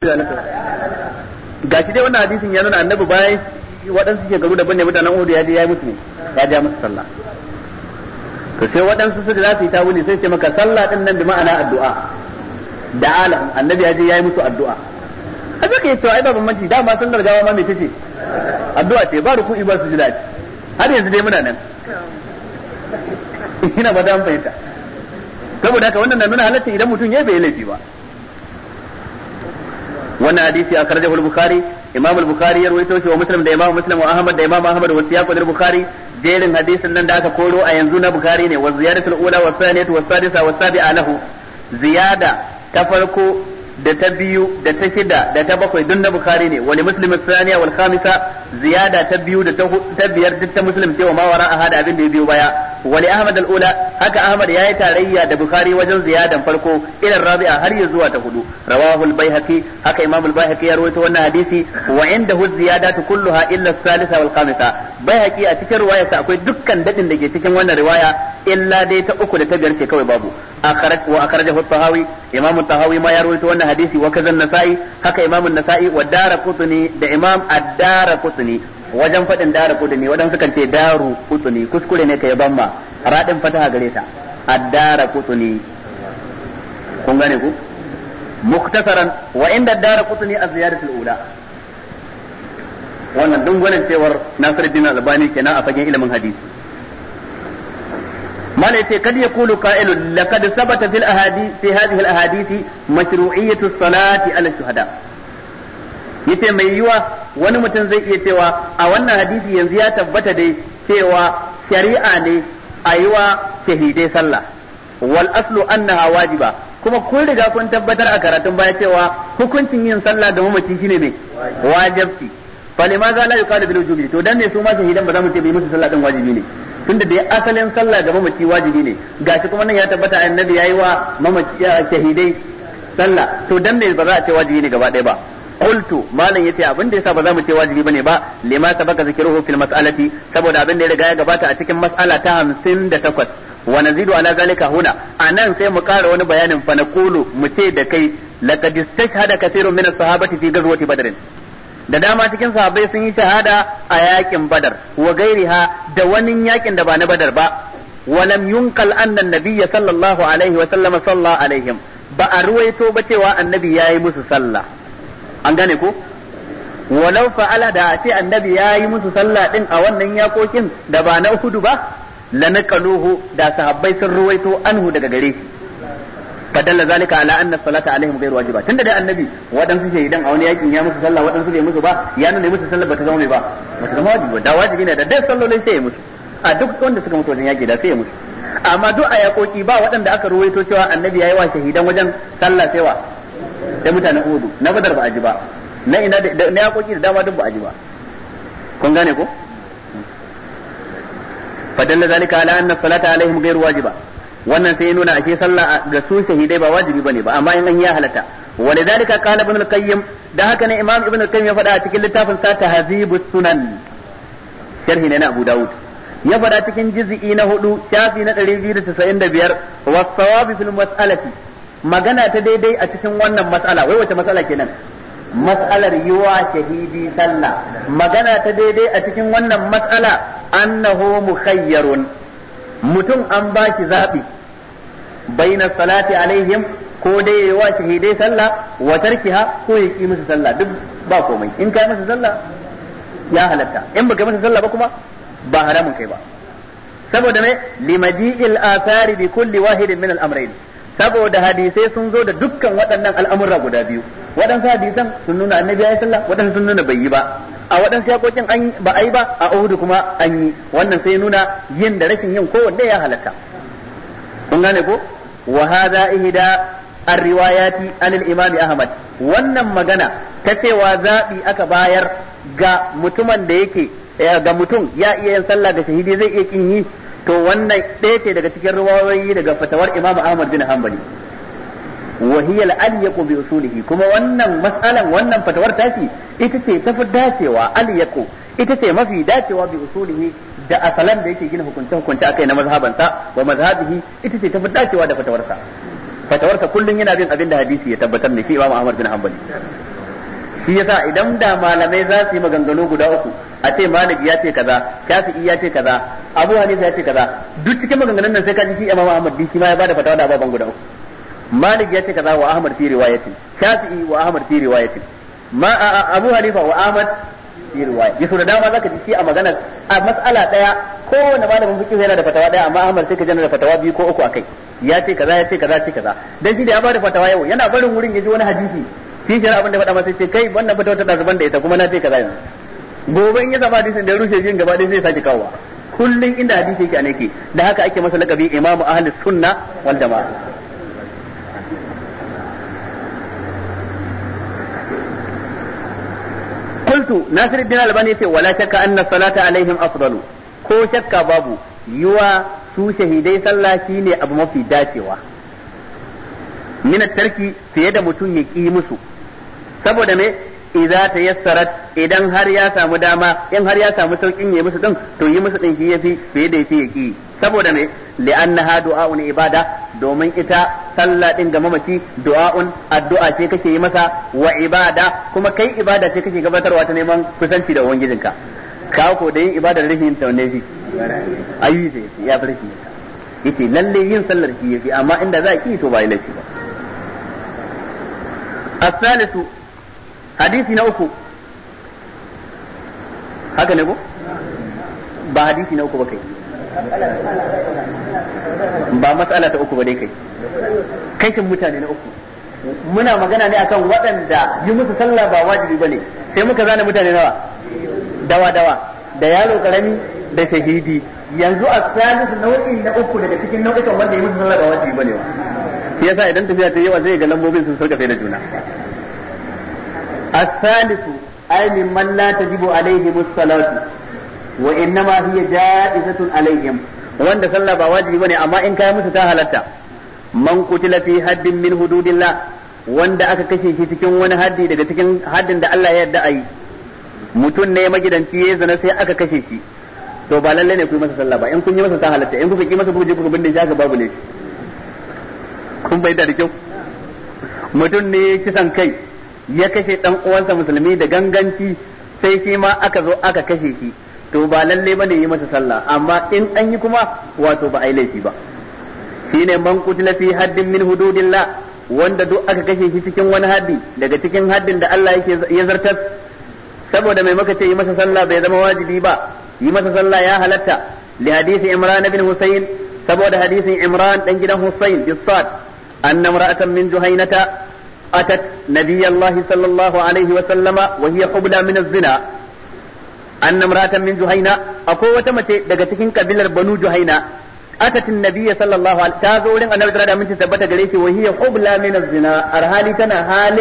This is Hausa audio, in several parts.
gashi dai wannan hadisin ya nuna annabi bayan waɗansu ke garu daban ne mutanen uhudu ya je ya mutu ya ja musu sallah to sai waɗansu su za su yi tawuni sai ce maka sallah din nan bi ma'ana addu'a da alam annabi ya je ya yi musu addu'a a zaka yi cewa ai manci da dama sallar gawa ma mai tace addu'a ce ba ruku'i ba su ji dadi har yanzu dai muna nan ina ba da an fahimta saboda haka wannan na nuna halatta idan mutum ya bai laifi ba wannan hadisi a karjahu al-bukhari imam al-bukhari ya rawaito shi wa muslim da imam muslim wa ahmad da imam ahmad wa siyaqu al-bukhari jerin hadisin nan da aka koro a yanzu na bukhari ne wa ziyadatul ula wa thaniyatu wa sadisa wa sabi'a lahu ziyada ta farko da ta biyu da ta shida da ta bakwai dun na bukhari ne wa muslim al-thaniya wal khamisa ziyada ta biyu da ta biyar duk ta muslim wa ma wara ahada abin da ya biyo baya wali ahmad al-ula haka ahmad yayi tarayya da bukhari wajen ziyadan farko ila rabi'a har ya zuwa ta hudu rawahu al-baihaqi haka imam al-baihaqi ya rawaito wannan hadisi wa inda indahu ziyadatu kulluha illa as-salisa wal khamisa baihaqi a cikin riwayarsa akwai dukkan dadin da ke cikin wannan riwaya illa dai ta uku da ta biyar ce kawai babu أخرج وأخرجه الطهاوي إمام الطهاوي ما يروي تونا حديثي وكذا النسائي هكا إمام النسائي والدار wa ده إمام الدار قطني husni wajen faɗin daru kudni wajen suka ce daru kudni kuskure ne kai bamma radin fataha gare ta addara kudni kun gane ku muktasaran wa inda daru kudni a ziyaratul ula wannan dun gwanin cewar Nasiruddin Albani kenan a fagen ilimin hadisi ما ليس قد يقول قائل لقد ثبت في الاحاديث في هذه الاحاديث مشروعيه الصلاه على الشهداء yace mai yiwa wani mutum zai iya cewa a wannan hadisi yanzu ya tabbata dai cewa shari'a ne a yi wa shahidai sallah wal aslu annaha wajiba kuma kun riga kun tabbatar a karatun baya cewa hukuncin yin sallah ga mamaci shine ne wajibci ma za la yuqalu bil wujubi to dan ne su ma shahidan ba za mu ce bai musu sallah din wajibi ne tunda dai asalin sallah ga mamaci wajibi ne gashi kuma nan ya tabbata annabi yayi wa mamaci shahidai sallah to dan ne ba za a ce wajibi ne gaba ɗaya ba qultu malam ce abin da yasa ba za mu ce wajibi bane ba lima sabaka zikruhu fil mas'alati saboda abin da ya riga ya gabata a cikin mas'ala ta hamsin da 58 wa nazidu ala zalika huna nan sai mu kara wani bayanin fa naqulu mu ce da kai laqad hada kasirun mina as-sahabati fi ghazwati badr da dama cikin sahabbai sun yi shahada a yakin badar wa gairiha da wani yakin da ba na badar ba ولم ينقل أن النبي صلى الله عليه وسلم صلى ba a ruwaito ba cewa annabi ya yi musu sallah an gane ko walau fa'ala da a ce annabi ya yi musu sallah din a wannan yakokin da ba na hudu ba la naqaluhu da sahabbai sun ruwaito anhu daga gare shi fadalla zalika ala anna salata alaihim ghairu wajiba tunda dai annabi wadansu ce idan a wani yakin ya musu sallah wadansu bai musu ba ya nuna musu sallah bata zama mai ba bata zama wajibi da wajibi ne da dai sallolin sai ya musu a duk wanda suka mutu wajen yaki da sai ya musu amma duk a yakoki ba waɗanda aka ruwaito cewa annabi yayi wa shahidan wajen sallah sai wa da mutanen Udu na Badar ba a ji ba na ina da na yakoki da dama duk ba a ji ba kun gane ko fadalla zalika ala anna salata alaihim ghayr wajiba wannan sai nuna ake sallah ga su shahidai ba wajibi bane ba amma in an ya halata. halatta walidhalika qala ibn al-qayyim da haka ne imam ibn al-qayyim ya faɗa a cikin littafin sa tahzibu sunan sharhi ne na abu Dawud. ya faɗa cikin juz'i na hudu shafi na 295 wa sawabi fil mas'alati magana ta daidai a cikin wannan matsala wai wace matsala kenan matsalar yiwa shahidi sallah magana ta daidai a cikin wannan matsala annahu mukhayyarun mutum an ba shi zaɓi baina salati alaihim ko dai yawa shahidai sallah wa tarkiha ko ya ki musu sallah duk ba komai in kai musu sallah ya halatta in baka musu sallah ba kuma ba haramun kai ba saboda me limaji'il athari bi kulli wahidin min al-amrayn saboda hadisai sun zo da dukkan waɗannan al'amura guda biyu waɗansu hadisan sun nuna annabi ya yi sallah waɗansu sun nuna bai yi ba a waɗansu yakokin an ba a yi ba a Uhud kuma an yi wannan sai nuna yin da rashin yin kowanne ya halatta kun gane ko wa hadha ihda ar-riwayati an al-imam Ahmad wannan magana ta cewa zabi aka bayar ga mutumin da yake eh, ga mutum ya iya yin sallah da shahidi zai iya kin yi to wannan ɗaya ce daga cikin ruwayoyi daga fatawar Imam Ahmad bin Hanbali wa hiya al-alyaqu bi usulihi kuma wannan mas'alan wannan fatawar tashi ita ce tafi dacewa alyaqu ita ce mafi dacewa bi usulihi da asalan da yake gina hukunta-hukunta akai na sa wa mazhabihi ita ce tafi dacewa da Fatawar fatawarsa kullun yana bin abin da hadisi ya tabbatar ne shi Imam Ahmad bin Hanbali shi yasa idan da malamai za su yi maganganu guda uku a ce malik ya ce kaza shafi'i ya ce kaza abu hanifa ya ce kaza duk cikin maganganun nan sai ka ji shi imamu ahmad din shi ma ya bada fatawa da ababan guda malik ya ce kaza wa ahmad fi riwayatin shafi'i wa ahmad fi riwayatin ma abu hanifa wa ahmad fi riwaya yaso da dama zaka ji shi a magana a mas'ala daya ko bada malamin fiqh yana da fatawa daya amma ahmad sai ka jana da fatawa biyu ko uku akai ya ce kaza ya ce kaza ce kaza dan shi da ya bada fatawa yau yana barin wurin ya ji wani hadisi shi shi abin da faɗa masa ce kai wannan fatawa ta da zuban da ita kuma na ce kaza yanzu gobe in ya zaba hadisin da ya rushe shi gaba ɗaya sai sake kawowa kullun inda hadisi yake anake da haka ake masa lakabi imamu ahlus sunna wal jamaa qultu nasiruddin albani yace wala shakka anna salata alaihim afdalu ko shakka babu yiwa su shahidai sallah shine abu mafi dacewa min tarki fiye da mutum ya ki musu saboda me idza tayassarat idan har ya samu dama in har ya samu saukin yi musu din to yi musu din yafi fiye da yafi yaki saboda me li'annaha du'a'un ibada domin ita salla din ga mamaci du'a'un addu'a ce kake yi masa wa ibada kuma kai ibada ce kake gabatarwa ta neman kusanci da ubangijinka ka ko da yin ibadar rahin ta ne shi ayi ce ya farki yace lalle yin sallar shi yafi amma inda za ki to ba laifi ba hadisi na uku haka ne ko ba hadisi na uku ba kai ba matsala ta uku ba dai kai kai kin mutane na uku muna magana ne akan waɗanda yi musu sallah ba wajibi bane sai muka zana mutane nawa dawa dawa da yaro karami da shahidi yanzu a salisu nau'in na uku daga cikin nau'ukan wanda yi musu sallah ba wajibi bane ba yasa idan tafiya ta yawa zai ga lambobin sun sarkafe da juna الثالث أي ممن لا تجب عليهم الصلاة وإنما هي جائزة عليهم wanda صلى ba wajibi bane amma in kai musu ta halatta man حد من حدود الله hududillah wanda aka kashe shi cikin wani haddi daga cikin haddin da Allah ya yarda ayi mutum ne magidanci ya zana sai aka kashe shi to ba lalle ne ku masa sallah ba in kun yi masa ta halatta in kuka ki masa kuka je kuka binne shi babu ne kun bai da kyau mutum ne kisan kai ya kashe dan uwansa musulmi da ganganci sai shi ma aka zo aka kashe shi to ba lalle bane yi masa sallah amma in an yi kuma wato ba ai laifi ba shine man kutila fi haddin min hududillah wanda duk aka kashe shi cikin wani haddi daga cikin haddin da Allah yake ya zartar saboda mai maka ce yi masa sallah bai zama wajibi ba yi masa sallah ya halatta li hadisi imran bin husayn saboda hadisin imran dan gidan husayn bisad anna imra'atan min juhaynata أتت نبي الله صلى الله عليه وسلم وهي حبلى من الزنا أن امرأة من جهينة أقوة متى دقتكين قبيلة بنو جهينة أتت النبي صلى الله عليه وسلم تازولين أن أبدرد من تثبت قريسي وهي حبلى من الزنا أرهالي كان حال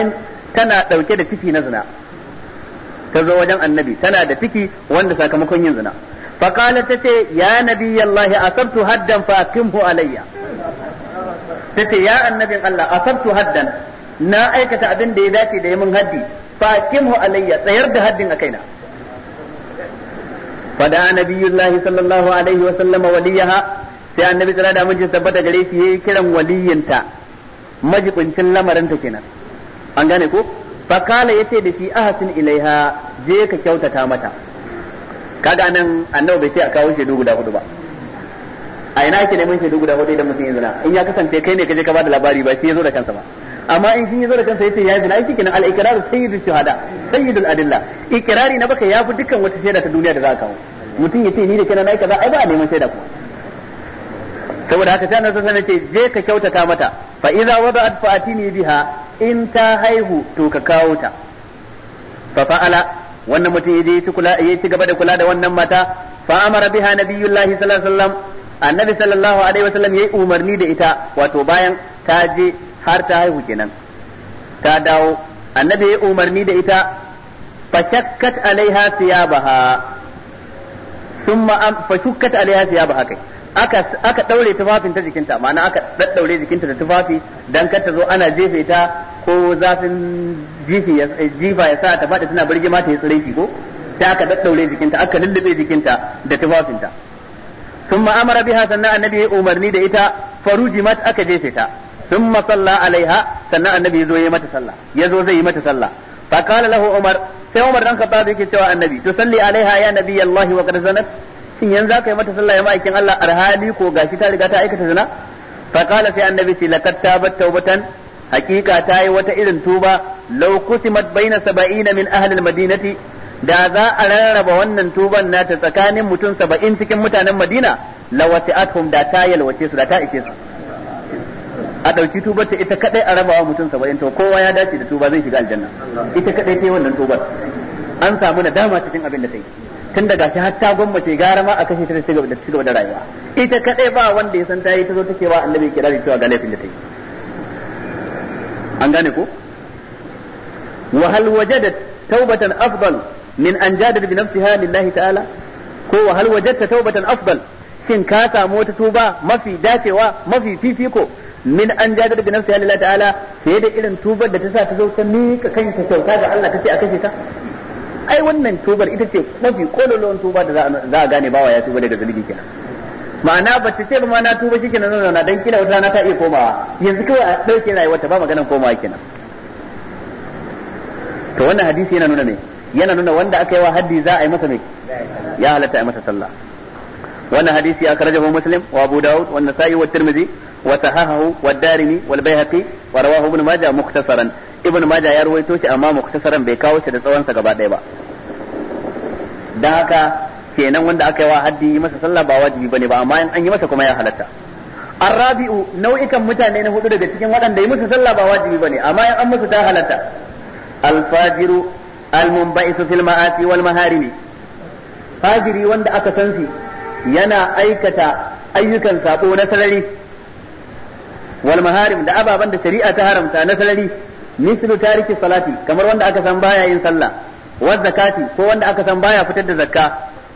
كان دوكي دكتي نزنا تزوجا النبي تنا دكتي وان ساكمكن ينزنا فقالت تتي يا نبي الله أصبت هدا فأكمه علي تتي يا النبي الله أصبت هدا na aikata abin da ya dace da yamin haddi fa kimhu alayya tsayar da haddin a kaina fada nabiyullahi sallallahu alaihi wa sallama waliyaha sai annabi tsara da mijin tabbata gare shi yayi kiran waliyinta majibincin lamarinta kenan an gane ko fa kala yace da shi ahasin ilaiha je ka kyautata mata kaga nan annabi bai ce a kawo shaidu guda hudu ba a ina ake neman shaidu guda hudu idan mutum ya zina in ya kasance kai ne ka je ka bada labari ba shi ya zo da kansa ba amma in kin yi zara kansa yace yayi zina ai kenan al iqrar sayyidu shuhada sayyidul adilla iqrari na baka yafi dukkan wata shaida ta duniya da za ka kawo mutum yace ni da kenan nayi kaza ai ba a neman shaida kuma saboda haka sai annabi sallallahu alaihi wasallam ce je ka kyautata mata fa idza wada'at fa atini biha in ta haihu to ka kawo ta fa fa'ala wannan mutum yaje ya kula ya ci gaba da kula da wannan mata fa amara biha nabiyullahi sallallahu alaihi wasallam annabi sallallahu alaihi wasallam yayi umarni da ita wato bayan ta je har ta haihu kenan ta dawo annabi ya umarni da ita shakkat alaiha siyabaha thumma shakkat alaiha siyabaha kai aka aka daure tufafin ta jikinta ma'ana aka daddaure jikinta da tufafi dan kar ta zo ana jefe ta ko zafin jifi ya jifa ya sa ta fada tana birgima ta yi tsireki ko ta aka daddaure jikinta aka lullube jikinta da tufafinta ثم amara biha sannan annabi ya umarni da ita farujimat aka jefe ta ya zo ya سنة النبي يزو يمت صلى يزو زي مت صلى فقال له Umar sai Umar dan Khattab yake cewa annabi to salli alaiha ya nabi Allah wa qad zanat shin yanzu kai mata sallah ya ma'aikin Allah arhali ko gashi ta riga ta aikata zina fa sai annabi sai laqad tabat tawbatan hakika ta yi wata irin tuba law kusimat baina saba'ina min ahli madinati da za a rarraba wannan tuban nata tsakanin mutum saba'in cikin mutanen Madina lawati'athum da ta yalwace su da ta ishe su a ɗauki tubar ta ita kadai a rabawa mutum saba'in to kowa ya dace da tuba zai shiga aljanna ita kadai ta yi wannan tubar an samu na dama cikin abin da ta yi tun daga shi har ta gwammace gara ma a kashe ta ci da shiga gaba da rayuwa ita kadai ba wanda ya san ta yi ta zo take wa annabi kirari cewa ga laifin da ta yi an gane ko wa hal wajadat tawbatan afdal min an jadada bi nafsiha lillahi ta'ala ko wa hal wajadta tawbatan afdal shin ka samu wata tuba mafi dacewa mafi fifiko min an jadar bi nafsi lillahi ta'ala sai da irin tubar da ta sa ta zo ta mika kanta kyauta ga Allah tace a kashe ta ai wannan tubar ita ce mafi kololon tuba da za a gane bawa ya tuba daga zulubi kenan ma'ana ba ta ce ba na tuba shi kenan na dan kila wata rana ta iya komawa yanzu kawai a dauke rayuwarta ba maganan komawa kenan to wannan hadisi yana nuna ne yana nuna wanda aka yi wa haddi za a yi masa me ya halatta a yi masa sallah wannan hadisi aka akhrajahu muslim wa abu daud wannan sa'i wa tirmidhi وصححه والدارمي والبيهقي ورواه ابن ماجه مختصرا ابن ماجه ya ruwaito shi amma muktasaran bai kawo shi da tsawon sa ba Da haka kenan wanda aka yi wa haddi yi masa sallah ba wajibi bane ba amma in an yi masa kuma ya halatta arrabi'u nau'ikan mutane na hudu daga cikin waɗanda yi musu sallah ba wajibi bane amma in an musu ta halatta alfajiru almunba'isu fil maharimi fajiri wanda aka san shi yana aikata ayyukan sabo na sarari wal maharim da ababan da shari'a ta haramta na sarari mislu tariki salati kamar wanda aka san baya yin sallah wa zakati ko wanda aka san baya fitar da zakka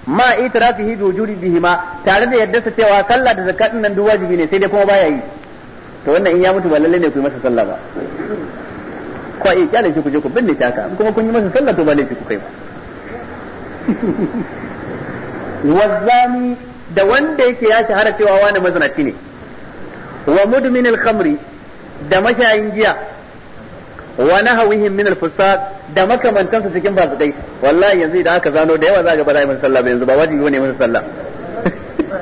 ma itirafihi bi wujudi bihima tare da yadda sa cewa sallah da zakka nan duk wajibi ne sai dai kuma baya yi to wannan in ya mutu ba lalle ne ku yi masa sallah ba ko ai kyale shi ku ku binne ta haka kuma kun yi masa sallah to ba laifi ku kai ba wazzani da wanda yake ya shahara cewa wani mazinaci ne wa mudmin al-khamri da mashayin giya wa nahawihim min al-fusad da su cikin fasikai wallahi yanzu idan aka zano da yawa za ga ba za mun sallah ba yanzu ba wajibi ne mun sallah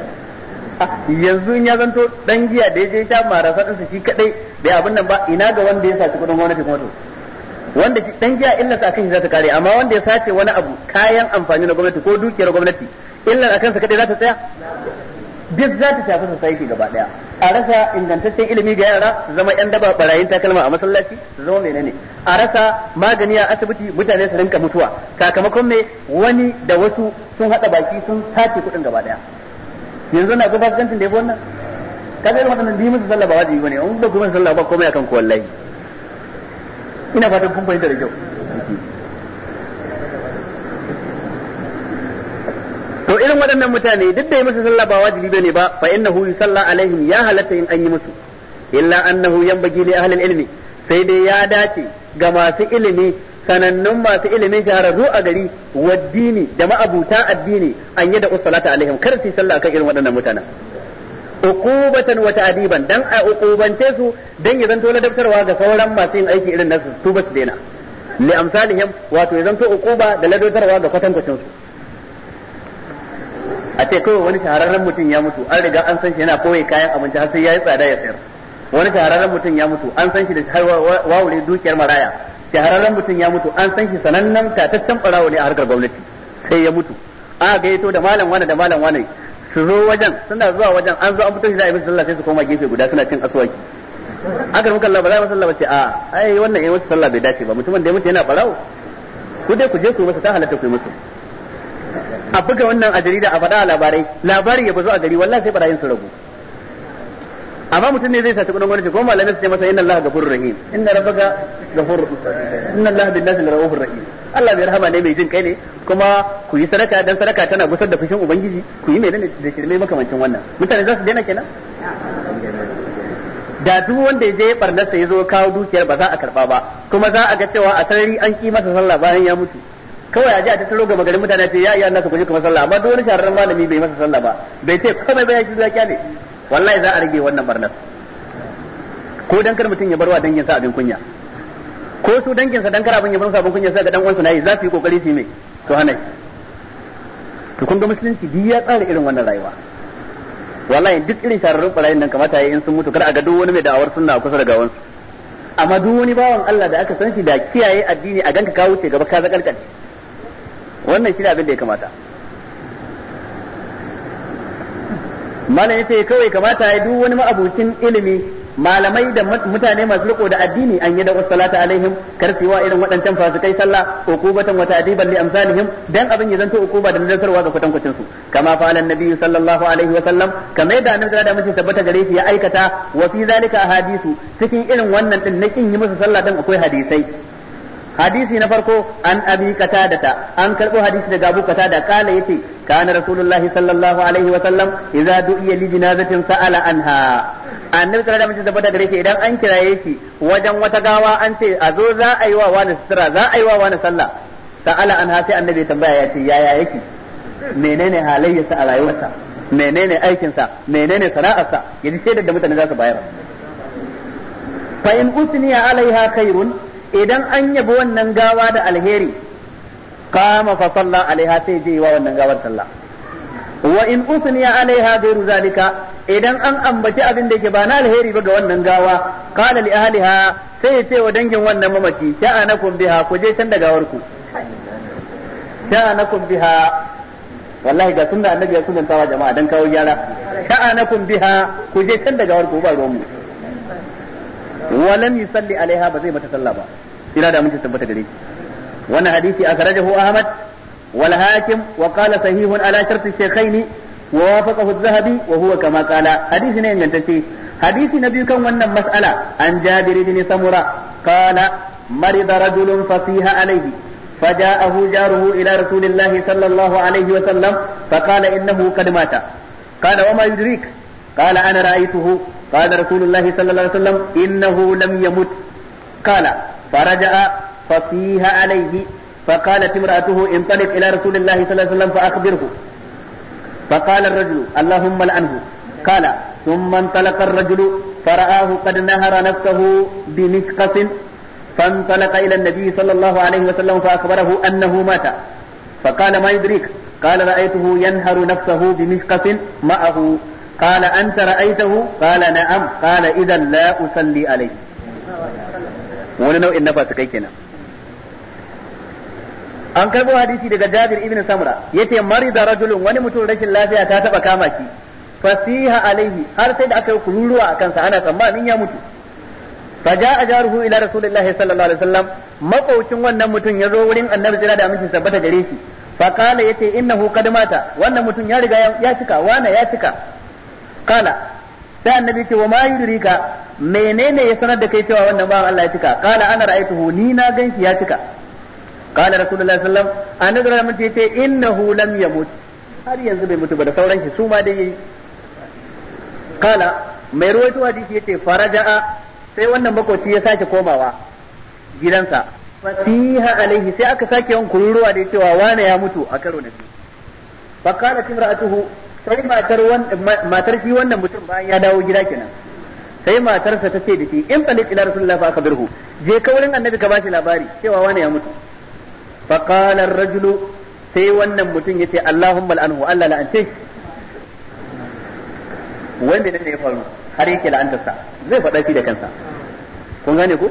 yanzu ya zanto dan giya da yaje ta marasa din shi kadai bai abin nan ba ina ga wanda ya saci kudin gwamnati kuma to wanda dan giya illa sa kan za ta kare amma wanda ya sace wani abu kayan amfani na gwamnati ko dukiyar gwamnati illa akan sa kadai za ta tsaya duk za ta shafi society gaba daya a rasa ingantaccen ilimi ga yara su zama yan daba barayin takalma a masallaci su zama ne a rasa magani a asibiti mutane su rinka mutuwa sakamakon me wani da wasu sun hada baki sun sace kuɗin gaba daya yanzu na gantin da yabo wannan kaga irin waɗannan bi musu sallah ba wajibi bane in ba kuma sallah ba komai akan ku wallahi ina fatan kun fahimta da kyau irin waɗannan mutane duk da yi musu sallah ba wajibi bane ba fa innahu yusalla alaihim ya halatta in an yi musu illa annahu yanbaghi li ahli ilmi sai dai ya dace ga masu ilimi sanannun masu ilimi shahararru a gari waddini da ma'abuta addini an yi da usalata alaihim kar su sallah kan irin waɗannan mutanen uqubatan wa ta'diban dan a uqubance su dan ya zanto ladabtarwa ga sauran masu yin aiki irin nasu su ba su daina li amsalihim wato ya zanto uquba da ladabtarwa ga kwatankwacin su a ce kawai wani shahararren mutum ya mutu an riga an san shi yana koyi kayan abinci har sai yayi tsada ya sayar wani shahararren mutum ya mutu an san shi da wawure dukiyar maraya shahararren mutum ya mutu an san shi sanannen tataccen barawo ne a harkar gwamnati sai ya mutu a gaito da malam wani da malam wani su zo wajen suna zuwa wajen an zo an fito shi da abin sallah sai su koma gefe guda suna cin aswaki aka rubuta Allah ba za mu sallah ba ce a ai wannan eh wata sallah bai dace ba mutumin da ya mutu yana barawo ku dai ku je ku masa ta halatta ku yi masa a buga wannan a jarida a faɗa a labarai labari ya bazu a gari wallahi sai barayin su rabu amma mutum ne zai sace kudin gwamnati ko malamin su ce masa inna allaha ghafurur rahim inna rabbaka ghafurur inna allaha bin nasi rahim Allah bai rahama ne mai jin kai ne kuma ku yi sadaka dan sadaka tana gusar da fushin ubangiji ku yi menene da shirme makamancin wannan mutane za su daina kenan da duk wanda ya je barnarsa ya zo kawo dukiyar ba za a karba ba kuma za a ga cewa a sarari an ki masa sallah bayan ya mutu kawai a ji a ta tsaro gaba garin mutane ce ya iya nasu ku ji kuma sallah amma duk wani shahararren malami bai masa sallah ba bai ce komai ba ya ji zakiya ne wallahi za a rage wannan barnar ko dan kar mutum ya wa dangin sa abin kunya ko su danginsa dan kar abin ya bar barwa abin kunya sai ga dan uwansu nayi za su yi kokari su yi mai to hana to kun ga musulunci duk ya tsara irin wannan rayuwa wallahi duk irin shahararren barayin nan kamata yayi in sun mutu kar a ga duk wani mai da'awar sunna kusa da gawansu amma duk wani bawan Allah da aka san shi da kiyaye addini a ganka ka wuce gaba ka zakalkance wannan shine abin da ya kamata malam ce kawai kamata ya duk wani ma'abucin ilimi malamai da mutane masu riko da addini an yi da salata alaihim karfiwa irin waɗancan fasikai sallah ukubatan wata ta'diban li amsalihim dan abin ya zanto ukuba da nazarwa ga kwatankwacin su kama fa annabi sallallahu alaihi wa sallam kamar yadda annabi da mace tabbata gare shi ya aikata wa fi zalika ahadisu cikin irin wannan din na kin yi musu sallah dan akwai hadisai hadisi na farko an abi ta an karbo hadisi daga abu qatada kala yace kana rasulullahi sallallahu alaihi wa sallam idza du'iya li janazatin sa'ala anha annabi sallallahu alaihi wasallam da gare shi idan an kiraye shi wajen wata gawa an ce a zo za a yi wa wani sutura za a yi wa wani sallah sa'ala anha sai annabi tambaya ya ce yaya yake menene halayyarsa a rayuwarsa menene aikinsa menene sana'arsa yaji sai da mutane za su bayar fa in usniya alaiha khairun idan an yabi wannan gawa da alheri kama fa salla alaiha sai je wa wannan gawar sallah wa in usniya alaiha bi zalika idan an ambaci abin da yake ba na alheri ba ga wannan gawa qala li ahliha sai ya ce wa dangin wannan mamaci sha'anakum biha ku je can da gawar ku sha'anakum biha wallahi ga sunna annabi ya kullanta wa jama'a dan kawo gyara sha'anakum biha ku je can da gawar ku ba ruwan mu walam yusalli alaiha ba zai mata sallah ba ina da mun tabbata gare shi wannan hadisi akhrajahu ahmad wal hakim wa qala sahihun ala shart shaykhaini wa wafaqahu az-zahabi wa huwa kama qala hadisi ne ingantacce hadisi na biyu kan wannan mas'ala an jabir ibn samura qala مرض رجل فصيح عليه فجاءه جاره إلى رسول الله صلى الله عليه وسلم فقال إنه قد مات قال وما يدريك قال أنا رأيته قال رسول الله صلى الله عليه وسلم إنه لم يمت قال فرجع فصيح عليه فقالت امرأته انطلق إلى رسول الله صلى الله عليه وسلم فأخبره فقال الرجل اللهم لعنه قال ثم انطلق الرجل فرآه قد نهر نفسه بمشقص فانطلق إلى النبي صلى الله عليه وسلم فأخبره أنه مات فقال ما يدريك قال رأيته ينهر نفسه بمشقص معه قال أنت رأيته wani nau'in na fasikai kenan an karbo hadisi daga Jabir ibn Samra yace marida rajulun wani mutum rashin lafiya ta taɓa kama shi fasiha alaihi har sai da aka yi kururuwa a kansa ana tsammanin ya mutu فجاء جاره الى رسول الله صلى الله عليه وسلم wannan mutum ya zo wurin annabi jira da aminci sabbata gare shi fa qala yace innahu qad wannan mutum ya riga ya cika wana ya cika Kala sai annabi ce wa ma yudrika menene ya sanar da kai cewa wannan bawan Allah ya cika Kala ana ra'aytuhu ni na ganshi ya cika Kala rasulullahi sallallahu alaihi wasallam annabi rahmat ya ce innahu lam yamut har yanzu bai mutu ba da sauran shi su ma dai yayi kala mai ruwaito hadisi yace faraja'a sai wannan makoci ya sake komawa gidansa fatiha alaihi sai aka sake yawan kururuwa da cewa wane ya mutu a karo na biyu fakala timra'atuhu sai matar matar shi wannan mutum bayan ya dawo gida kenan sai matarsa ta ce da shi in talik ila rasulullah fa akhbirhu je ka wurin annabi ka bashi labari cewa wani ya mutu fa qala ar-rajulu sai wannan mutum yace allahumma al'anhu Allah la'ance wanda ne ya faru har yake la'antarsa zai faɗa shi da kansa kun gane ko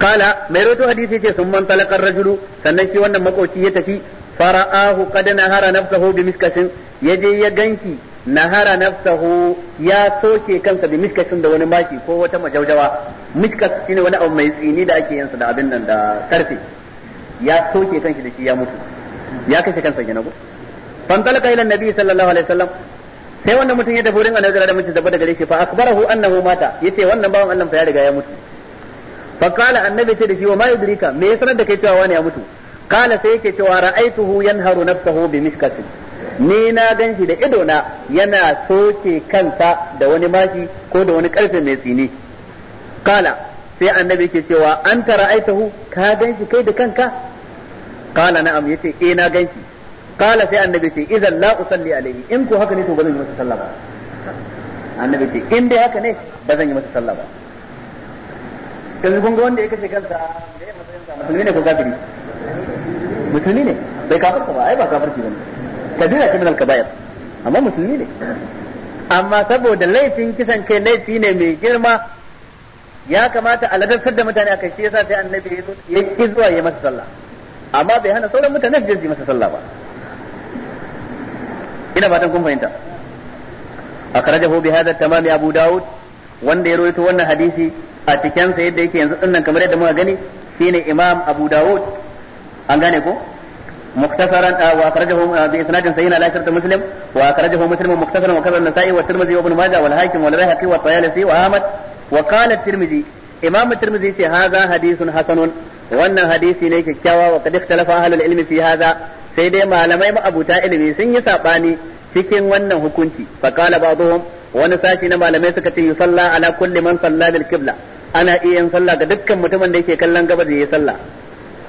kala mai roto hadisi yace sun man ar rajulu sannan shi wannan makoci ya tafi fara'ahu qad nahara nafsahu bi miskatin yaje ya ganki nahara nafsahu ya soke kansa bi miskatin da wani maki ko wata majaujawa miskat shine wani abu mai tsini da ake yansa da abin nan da karfe ya soke kansa da shi ya mutu ya kashe kansa kenan ko fantalaka ila nabi sallallahu alaihi wasallam sai wannan mutum ya tafi wurin annabi da mutum zaba daga gare shi fa akbarahu annahu mata yace wannan bawan Allah fa ya riga ya mutu fa qala annabi ce da shi wa ma yudrika me ya sanar da kai cewa wani ya mutu Kala sai yake cewa ra'aituhu yanharu nafsahu bi mishkatin ni na ganshi shi da idona yana soke kansa da wani maki ko da wani karfe mai tsini kala sai annabi yake cewa an tara aitahu ka ganshi kai da kanka kala na'am yace eh na ganshi kala sai annabi ce idan la usalli alaihi in ko haka ne to bazan yi masa sallah annabi ce in dai haka ne bazan yi masa sallah yanzu kun ga wanda ya kashe kansa me ya matsayin sa musulmi ne ko kafiri musulmi ne bai kafirta ba ai ba kafirci bane kabira ce min al amma musulmi ne amma saboda laifin kisan kai laifi ne mai girma ya kamata a ladabtar da mutane akai shi yasa sai annabi ya zo ya ki zuwa ya masa sallah amma bai hana sauran mutane su je masa sallah ba ina fatan kun fahimta akhrajahu bi hadha tamami abu daud wanda ya rawaito wannan hadisi a cikin sa yadda yake yanzu dinnan kamar yadda muka gani shine imam abu dawud an gane ko مختصرا واخرجه باسناد صحيح على شرط مسلم واخرجه مسلم مختصرا وكذا النسائي والترمذي وابن ماجه والحاكم والبيهقي والطيالسي واحمد وقال الترمذي امام الترمذي هذا حديث حسن wannan hadisi ne kyakkyawa wa kad ikhtalafa ahlul ilmi fi hadha sai dai malamai ma abuta ilimi sun yi sabani cikin wannan hukunci fa qala ba'dhum wani sashi na malamai suka ce yusalla ala kulli man salla Kibla qibla ana iya yin sallah ga dukkan mutumin da yake kallon gaba da yayi sallah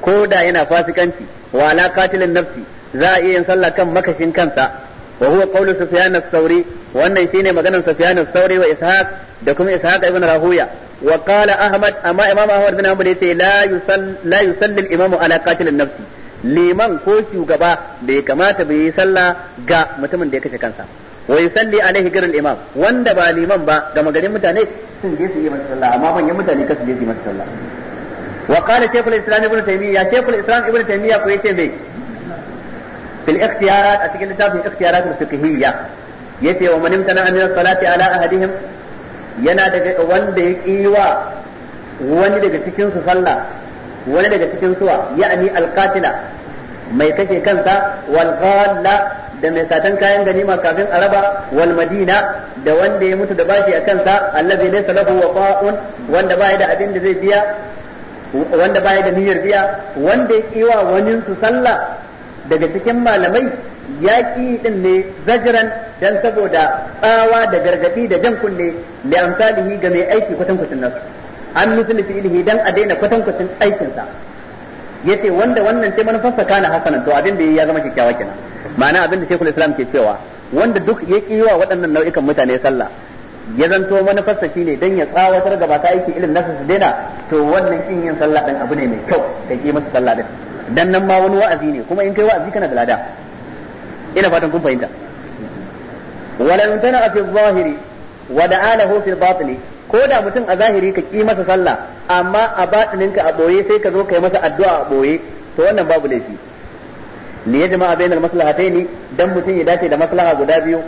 ko da yana fasikanci wa ala qatilin nafsi za a iya yin sallah kan makashin kansa wa huwa qawlu sufyan as wannan shine maganar sufyan as-sauri wa ishaq da kuma ishaq ibn rahuya wa qala ahmad amma imam ahmad bin hanbal yace la yusall la yusalli imamu ala qatilin nafsi liman ko shugaba bai kamata bai yi sallah ga mutumin da ya kashe kansa wa salli alaihi garin imam wanda ba liman ba ga magarin mutane sun je su yi masa sallah amma manyan mutane kasu je su yi masa sallah wa qala shaykhul islam ibnu taymiya shaykhul islam ibnu taymiya ko yace me fil ikhtiyarat a cikin littafin ikhtiyarat al-fiqhiyya yace wa man imtana min as-salati ala ahadihim yana daga wanda ya kiwa wani daga cikin su sallah wani daga cikin suwa ya'ni al-qatila mai kashe kansa wal ghalla da mai satan kayan ganima kafin araba wal madina da wanda ya mutu da bashi a kansa allazi laysa lahu waqa'un wanda bai da abin da zai biya wanda baya da niyyar biya wanda ya kiwa wani su sallah daga cikin malamai ya ki din ne zajran dan saboda tsawa da gargadi da jan kunne li amsalihi ga mai aiki kwatankwacin nasu an musulmi fi ilhi dan a daina kwatankwacin aikinsa yace wanda wannan sai manufarsa kana hasanan to abin da ya zama kyakkyawa kenan ma'ana abin da shekul islam ke cewa wanda duk ya kiwa waɗannan nau'ikan mutane sallah ya zanto manufarsa shine dan ya tsawatar gaba ta aiki irin nasa su daina to wannan kin yin sallah din abu ne mai kyau kai ki masa sallah din dan nan ma wani wa'azi ne kuma in kai wa'azi kana da lada ina fatan kun fahimta wala yumtana fi adh wa da'alahu fi batini ko da mutum a zahiri ka ki masa sallah amma a batininka a boye sai ka zo kai masa addu'a a boye to wannan babu laifi ya jama'a bainar maslahatai ne dan mutum ya dace da maslaha guda biyu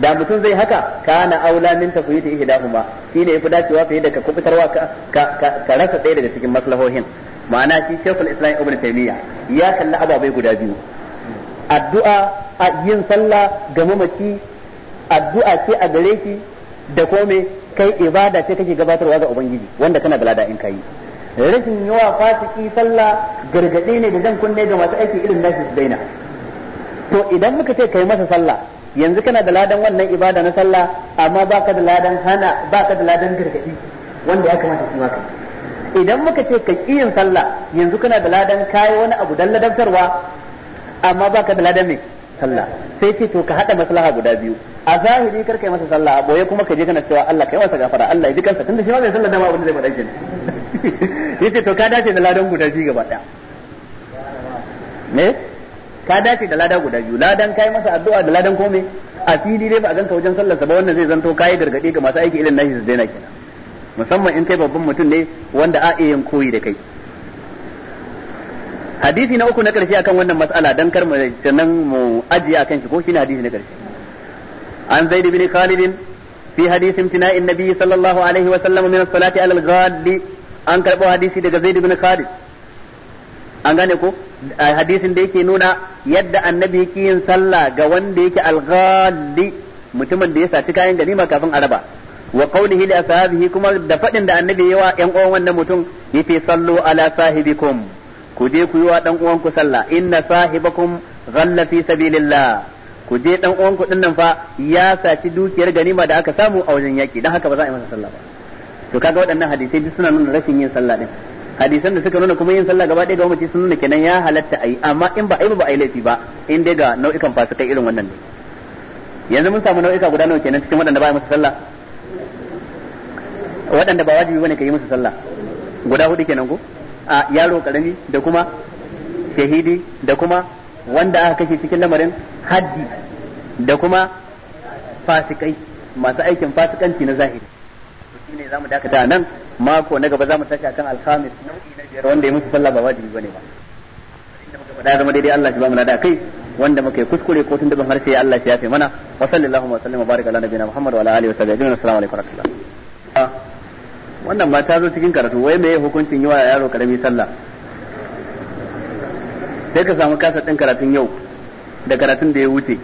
da mutum zai haka kana aula min tafwiti ihdahuma shine yafi dacewa fiye da ka kubutarwa ka ka rasa ɗaya daga cikin maslahohin ma'ana shi Sheikhul Islam Ibn Taymiyyah ya kalli ababai guda biyu addu'a a yin sallah ga mamaci addu'a ce a gare shi da kome kai ibada ce kake gabatarwa ga ubangiji wanda kana da lada in kai rashin yawa fasiki sallah gargadi ne da zan kunne ga masu aiki irin nashi su daina to idan muka ce kai masa sallah yanzu kana da ladan wannan ibada na sallah amma baka da ladan hana baka da ladan gargadi wanda ya kamata shi maka idan muka ce ka yin sallah yanzu kana da ladan kai wani abu dan ladabtarwa amma baka da ladan mai sallah sai ce to ka hada maslaha guda biyu a zahiri kar kai masa sallah a boye kuma ka je kana cewa Allah kai masa gafara Allah ya ji kansa tunda shi ma bai sallah dama abin da zai faɗa kenan yace to ka dace da ladan guda biyu gaba daya me ka dace da lada guda biyu ladan kai masa addu'a da ladan komai a fili dai ba a ganka wajen sallarsa ba wannan zai zanto kai gargadi ga masu aiki irin nashi su daina kenan musamman in kai babban mutum ne wanda a iya koyi da kai hadisi na uku na karshe akan wannan mas'ala dan kar mu nan mu ajiye akan shi ko shi ne hadisi na karshe an zaid ibn khalid fi hadisi imtina annabi sallallahu alaihi wa sallam min as-salati ala al-ghadi an karbo hadisi daga zaid ibn khalid an gane ko hadisin da yake nuna yadda annabi yake yin sallah ga wanda yake al-ghadi mutumin da ya saci kayan ganima kafin araba wa qawlihi li ashabihi kuma da fadin da annabi yawa yan uwan wannan mutum yake sallu ala sahibikum ku je ku yi wa dan uwanku sallah inna sahibakum ghalla fi sabilillah ku je dan uwanku din nan fa ya saci dukiyar ganima da aka samu a wajen yaki dan haka ba za a yi masa sallah ba to kaga waɗannan hadisai duk suna nuna rashin yin sallah din hadisan da suka nuna kuma yin sallah gaba ɗaya ga mace sun nuna kenan ya halatta ayi amma in ba ai ba yi laifi ba in dai ga nau'ikan fasikai irin wannan ne yanzu mun samu nau'ika guda nawa kenan cikin waɗanda ba a yi masa sallah waɗanda ba wajibi bane ka yi masa sallah guda hudu kenan ko a yaro karami da kuma shahidi da kuma wanda aka kashe cikin lamarin haddi da kuma fasikai masu aikin fasikanci na zahiri to shine zamu dakata nan mako na gaba zamu tashi akan alkhamis nau'i na biyar wanda ya musu sallah ba wajibi bane ba da muka da zama daidai Allah shi ba mu da kai wanda muka yi kuskure ko tun daban harshe Allah shi ya fi mana wa sallallahu wa sallama baraka ala nabiyina Muhammad wa ala alihi wa sahbihi assalamu alaikum wa rahmatullahi wannan ma ta zo cikin karatu wai meye hukuncin yi wa yaro karami sallah sai ka samu kasa ɗin karatun yau da karatun da ya wuce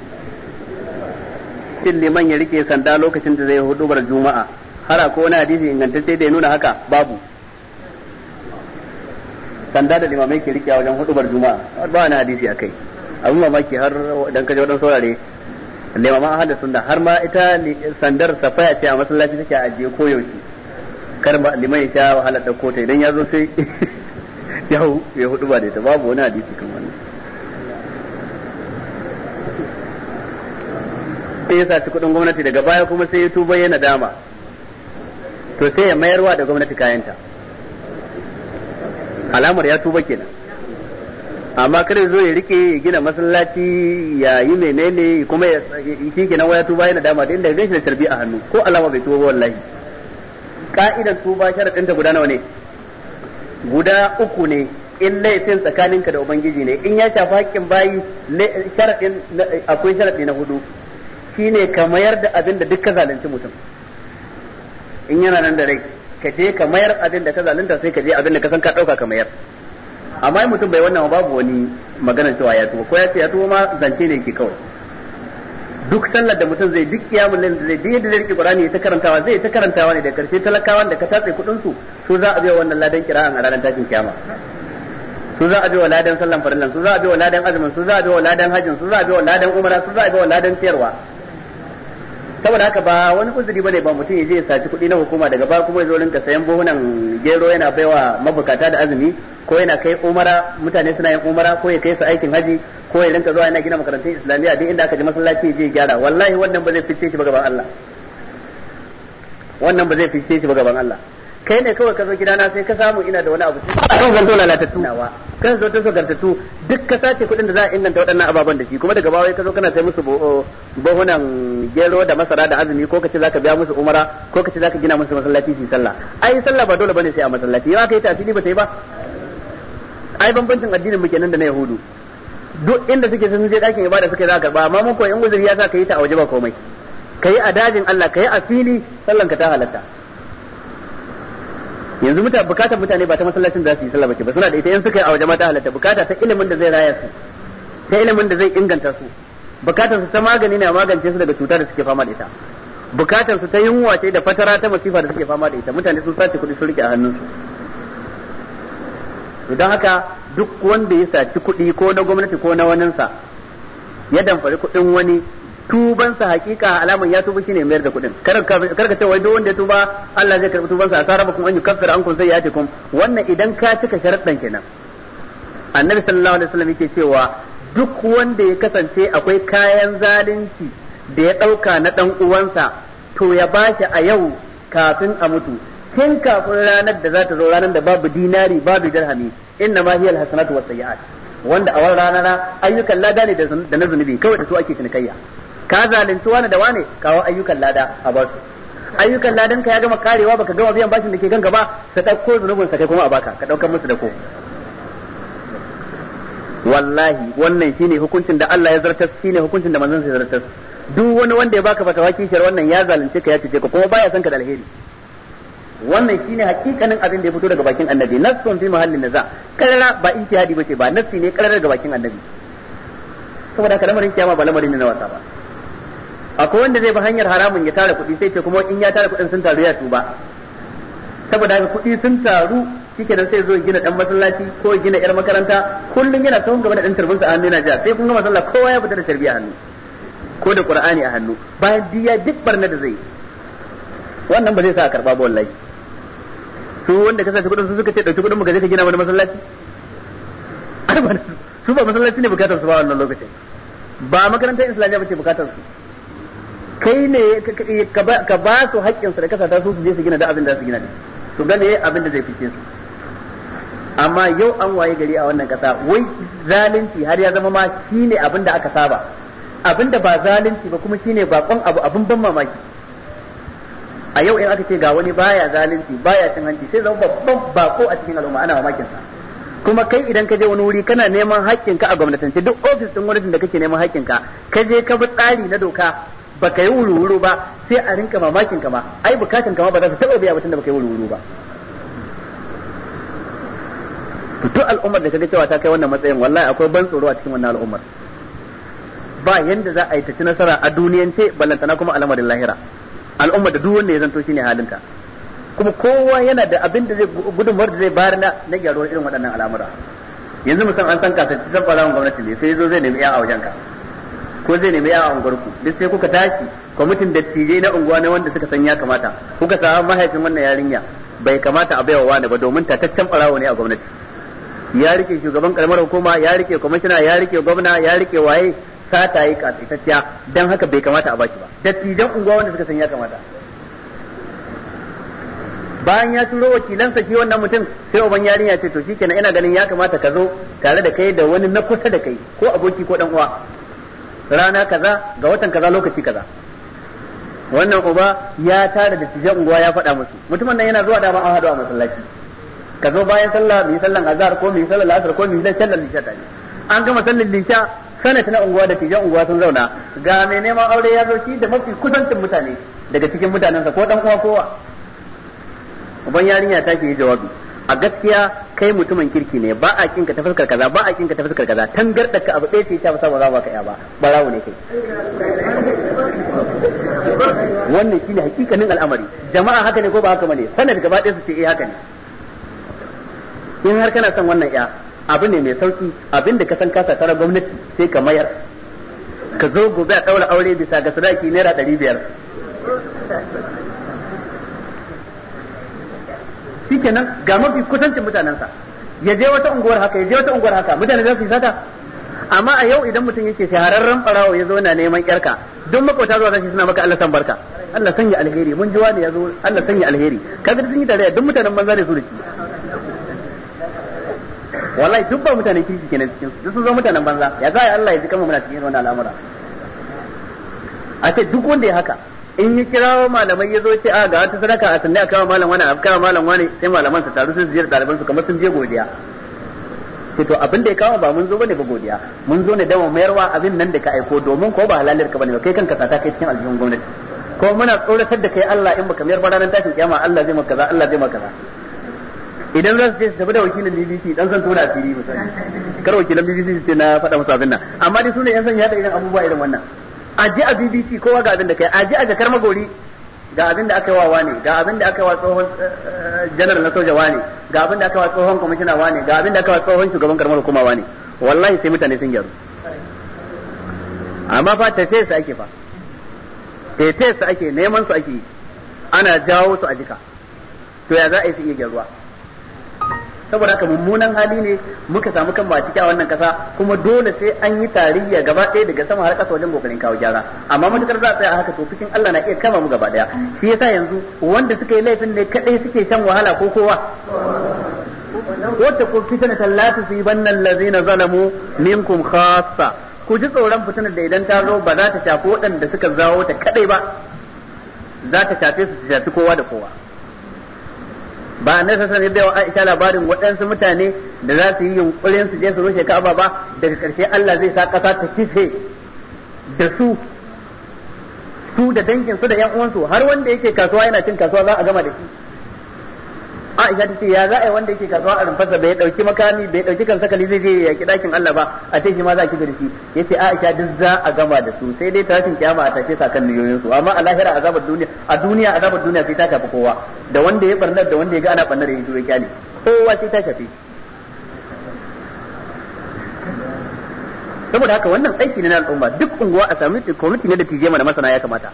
cin liman ya rike sanda lokacin da zai hudubar juma'a har ko wani hadisi ingantacce da ya nuna haka babu sanda da limamai ke rike a wajen hudubar juma'a ba wani hadisi akai abin mamaki har dan kaje wadan saurare limaman ahadin sunna har ma ita sandar safaya ce a masallaci take a ajiye koyaushe kar ma liman ya sha wahala da ta idan ya zo sai ya ya hudu ba da ita babu wani hadisi kan wannan sai ya saci kudin gwamnati daga baya kuma sai ya tuba yana dama to sai ya mayarwa da gwamnati kayanta alamar ya tuba kenan amma kar zo ya rike ya gina masallaci ya yi menene kuma ya shi kenan waya tuba yana dama da inda ya gaishe da tarbi a hannu ko alama bai tuba wallahi ka'idan tuba sharadin ta guda nawa ne guda uku ne in laifin tsakaninka da ubangiji ne in ya shafi hakkin bayi sharadin akwai sharadi na hudu shine ka mayar da abin da dukkan zalunci mutum in yana nan da rai ka je ka mayar abin da ka zalunta sai ka je abin da ka san ka dauka ka mayar amma mutum bai wannan babu wani maganar cewa ya tuba ko ya ce ya tuba ma zance ne ke kawai duk sallar da mutum zai duk kiyamun lail da zai duk yadda zai rike qur'ani ya ta karantawa zai ta karantawa ne da karshe talakawa da ka tatse kudin su su za a biya wannan ladan kira'an a ranar tashin kiyama su za a biya ladan sallan farillan su za a biya ladan azumin su za a biya ladan hajjin su za a biya ladan umara su za a biya ladan tiyarwa saboda haka ba wani uzuri bane ba mutum ya je ya saci kuɗi na hukuma daga ba kuma ya zo rinka sayan buhunan gero yana baiwa mabukata da azumi ko yana kai umara mutane suna yin umara ko ya kai su aikin haji ko ya rinka zuwa yana gina makarantun islamiyya duk inda aka ji masallaci zai gyara wallahi wannan ba zai fice shi ba gaban Allah wannan ba zai fice shi ba gaban Allah kai ne kawai ka zo gidana sai ka samu ina da wani abu sai ka zanto lalatattu kan zo ta sogartattu duk ka sace kuɗin da za a inganta waɗannan ababen da shi kuma daga bawai ka zo kana sai musu buhunan oh, gero da masara da azumi ko ka ce zaka biya musu umara ko ka ce zaka gina musu masallaci su sallah ai sallah ba dole bane sai a masallaci ya kai tasiri ba sai yi ba ai bambancin addinin mu kenan da na yahudu duk inda suke sun je dakin ibada suke za ka karba amma mun ko in uzuri ya sa ka yi ta a waje ba komai ka yi a dajin Allah ka yi a fili sallan ka ta halatta yanzu muta bukatar mutane ba ta masallacin da su yi sallah ba suna da ita in suka yi a waje ma ta halatta bukata ta ilimin da zai raya su ta ilimin da zai inganta su bukatar su ta magani na magance su daga cutar da suke fama da ita bukatar su ta yunwa ce da fatara ta masifa da suke fama da ita mutane sun sace kuɗi sun rike a hannunsu idan haka duk wanda ya saci kuɗi ko na gwamnati ko na waninsa ya damfari kuɗin wani tubansa hakika alaman ya tuba shine mayar da kuɗin kar ka ce wai duk wanda ya tuba Allah zai karɓi tubansa a sarrafa kuma an yukaffir an kun sai ya kun wannan idan ka cika sharaɗan kenan annabi sallallahu alaihi wasallam yake cewa duk wanda ya kasance akwai kayan zalunci da ya ɗauka na ɗan uwansa to ya ba shi a yau kafin a mutu tun kafin ranar da za ta zo ranar da babu dinari babu dirhami inna ma hiya alhasanatu wasayyi'at wanda a wannan rana na ayyukan lada ne da na zunubi kawai da su ake cinikayya ka zalunci wani da wani kawo ayyukan lada a ba su ayyukan ladan ka ya gama karewa baka gama biyan bashin da ke ganga ba ka dauko zunubin sa kai kuma a baka ka daukar musu da ko wallahi wannan shine hukuncin da Allah ya zartar shine hukuncin da manzon sa ya zartar duk wani wanda ya baka fatawa kishiyar wannan ya zalunce ka ya tije ka kuma baya son ka da alheri wannan shine hakikanin abin da ya fito daga bakin annabi nassun fi mahallin za karara ba ijtihadi bace ba nassi ne karara daga bakin annabi saboda ka lamarin kiyama ba lamarin ne na wasa ba akwai wanda zai bi hanyar haramun ya tara kuɗi sai ce kuma in ya tara kuɗin sun taru ya tuba saboda haka kuɗi sun taru shike nan sai zo gina dan masallaci ko gina yar makaranta kullum yana tawon gaba da dan tarbin a hannu yana ja sai kun ga masallah kowa ya fita da tarbiya hannu ko da qur'ani a hannu bayan biya duk barna da zai wannan ba zai sa a karba ba wallahi su wanda ka sace kudin su suka ce dauki kudin mu ka je ka gina wani masallaci su ba masallaci ne bukatar su ba wannan lokacin ba makarantar islamiyya ba ce bukatar su kai ne ka ba su haƙƙin su da kasa ta su su je su gina da abin da su gina ne su gane abin da zai fice su amma yau an waye gari a wannan kasa wai zalunci har ya zama ma shine abin da aka saba abin da ba zalunci ba kuma shine bakon abu abin ban mamaki a yau in aka ce ga wani baya zalunci baya cin hanci sai zama babban bako a cikin al'umma ana mamakin sa kuma kai idan ka je wani wuri kana neman haƙƙin ka a gwamnatance duk ofis din gwamnatin da kake neman haƙƙin ka ka je ka bi tsari na doka baka yi wuru ba sai a rinka mamakin ka ma ai bukatun ka ma ba za su taɓa biya ba tunda baka yi wuru-wuru ba to al'ummar da kaga cewa ta kai wannan matsayin wallahi akwai ban tsoro a cikin wannan al'ummar ba yanda za a yi ta ci nasara a duniyance ballantana kuma al'amarin lahira al'umma da duk wanda ya zanto shine halinta kuma kowa yana da abin da zai gudunmuwar da zai bayar na na gyaruwar irin waɗannan al'amura yanzu musan an san kasance san ɓarawan gwamnati ne sai zo zai nemi ya a wajenka ko zai nemi ya a unguwarku duk sai kuka tashi kwamitin dattijai na unguwa na wanda suka san ya kamata kuka samu mahaifin wannan yarinya bai kamata a baiwa wani ba domin tataccen ɓarawo ne a gwamnati ya rike shugaban karamar hukuma ya rike kwamishina ya rike gwamna ya rike waye ta yi kasaitacciya dan haka bai kamata a baki ba dattijan unguwa wanda suka san ya kamata bayan ya turo sa shi wannan mutum sai uban yarinya ce to shikenan ina ganin ya kamata ka zo tare da kai da wani na kusa da kai ko aboki ko dan uwa rana kaza ga watan kaza lokaci kaza wannan uba ya tara da tijan unguwa ya faɗa musu mutumin nan yana zuwa da ba a haɗu a masallaci ka zo bayan sallah mai sallan azhar ko mai sallan asar ko mai sallan lisha an gama sallan lisha kana na unguwa da tijan unguwa sun zauna ga mai neman aure ya zo shi da mafi kusancin mutane daga cikin mutanensa ko dan uwa kowa uban yarinya ta ke yi jawabi a gaskiya kai mutumin kirki ne ba a kinka ta fuskar kaza ba a kinka ta fuskar kaza tangarda ka abu ɗaya ce ta ba za ka ya ba barawo ne kai wannan shine hakikanin al'amari jama'a haka ne ko ba haka bane sanad gaba ɗaya su ce eh haka ne in har kana son wannan ya abu ne mai sauki abin da ka san kasa tara gwamnati sai ka mayar ka zo gobe a ɗaura aure bisa ga sadaki naira ɗari biyar nan ga mafi kusancin mutanensa ya je wata unguwar haka ya je wata unguwar haka mutane za su yi sata amma a yau idan mutum yake shahararren barawo ya zo na neman yarka don makwata zuwa zashi suna maka Allah san barka Allah sanya alheri mun ji wani ya zo Allah sanya alheri kaga sun yi tare duk mutanen banza ne su da shi wallahi duk ba mutanen kirki kenan cikin su sun zo mutanen banza ya za Allah ya ji kama muna cikin wannan al'amura a ce duk wanda ya haka in yi kira malamai ya zo ce a ah, ga wata sadaka a sanda kawo malam wani a kawo malam wani sai malaman su taru sun ziyar ɗaliban su kamar sun je godiya sai to abin da ya kawo ba mun zo bane ba godiya mun zo ne dama mayarwa abin nan da ka aiko domin ko ba halalar ka bane ba kai kanka sata kai cikin aljihun gwamnati ko muna tsoratar da kai Allah in baka mayar ba ranar tashin kiyama Allah zai maka kaza Allah zai maka kaza idan zan sai su da wakilin BBC dan san tona asiri misali kar wakilin BBC su ce na faɗa musu abin nan amma dai sune yan san yada irin abubuwa irin wannan a ji a BBC kowa ga abin da kai a ji a jakar magori ga abin da aka yi wa wane ga abin da aka yi wa tsohon eh, eh, janar na soja wane ga abin da aka yi wa tsohon kwamishina wane ga abin da aka yi wa tsohon shugaban karamar hukuma wane wallahi sai mutane sun gyaru amma fa tafe su ake fa tafe su ake neman su ake ana jawo su a jika to ya za a yi su iya gyaruwa saboda haka mummunan hali ne muka samu kan ba cikin wannan kasa kuma dole sai an yi tarayya gaba ɗaya daga sama har ƙasa wajen kokarin kawo gyara amma matukar za a tsaya a haka to cikin Allah na iya kama mu gaba ɗaya shi yasa yanzu wanda suka yi laifin ne kadai suke shan wahala ko kowa wata ku fitna yi bannan allazina zalamu minkum khassa ku ji tsoron fitinar da idan ta zo ba za ta shafi waɗanda suka zawo ta kadai ba za ta shafe su ta shafi kowa da kowa ba na sassan ya bai wa Aisha labarin waɗansu mutane da za su yi yunkurin su je su rushe Ka'aba ba daga ƙarshe Allah zai sa ƙasa ta kife da su su da dangin su da ƴan uwansu har wanda yake kasuwa yana cin kasuwa za a gama da shi Aisha ta ce ya za a yi wanda yake kasuwa a rumfarsa bai dauki makami bai dauki kan sakali zai je ya yaki dakin Allah ba a ce shi ma za ki da shi yace Aisha duk za a gama da su sai dai tashin kiyama a tashe sa kan niyoyin su amma a lahira azabar duniya a duniya azabar duniya sai ta tafi kowa da wanda ya barnar da wanda ya ga ana barnar ya juyo kyale kowa sai ta shafi saboda haka wannan aiki ne na al'umma duk unguwa a sami kwamiti ne da tije mana masana ya kamata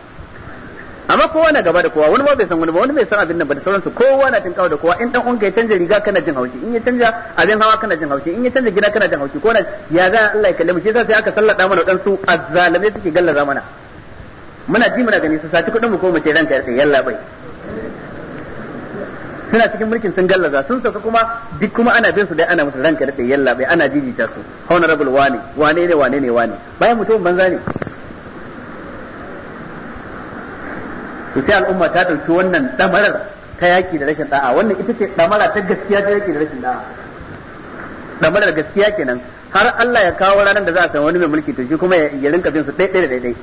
amma kowa na gaba da kowa wani ma bai san wani ba wani bai san abin nan ba da sauransu kowa na tinkawa da kowa in dan uwanka ya canja riga kana jin haushi in ya canja abin hawa kana jin haushi in ya canja gida kana jin haushi ko na ya za Allah ya kalle mu shi yasa sai aka sallada mana dan su azzalame suke gallaza mana muna ji muna gani su saci kudin mu ko mu ce ranka ya sai yalla bai suna cikin mulkin sun gallaza sun sauka kuma duk kuma ana bin su dai ana musu ranka da sai yalla bai ana jijita su honorable wani wane ne wane ne wane bayan mutum banza ne to sai al'umma ta ɗauki wannan damarar ta yaki da rashin da'a wannan ita ce damara ta gaskiya ta yaki da rashin da'a damarar gaskiya kenan har Allah ya kawo ranar da za a samu wani mai mulki to shi kuma ya rinka bin su ɗaya ɗaya da ɗaya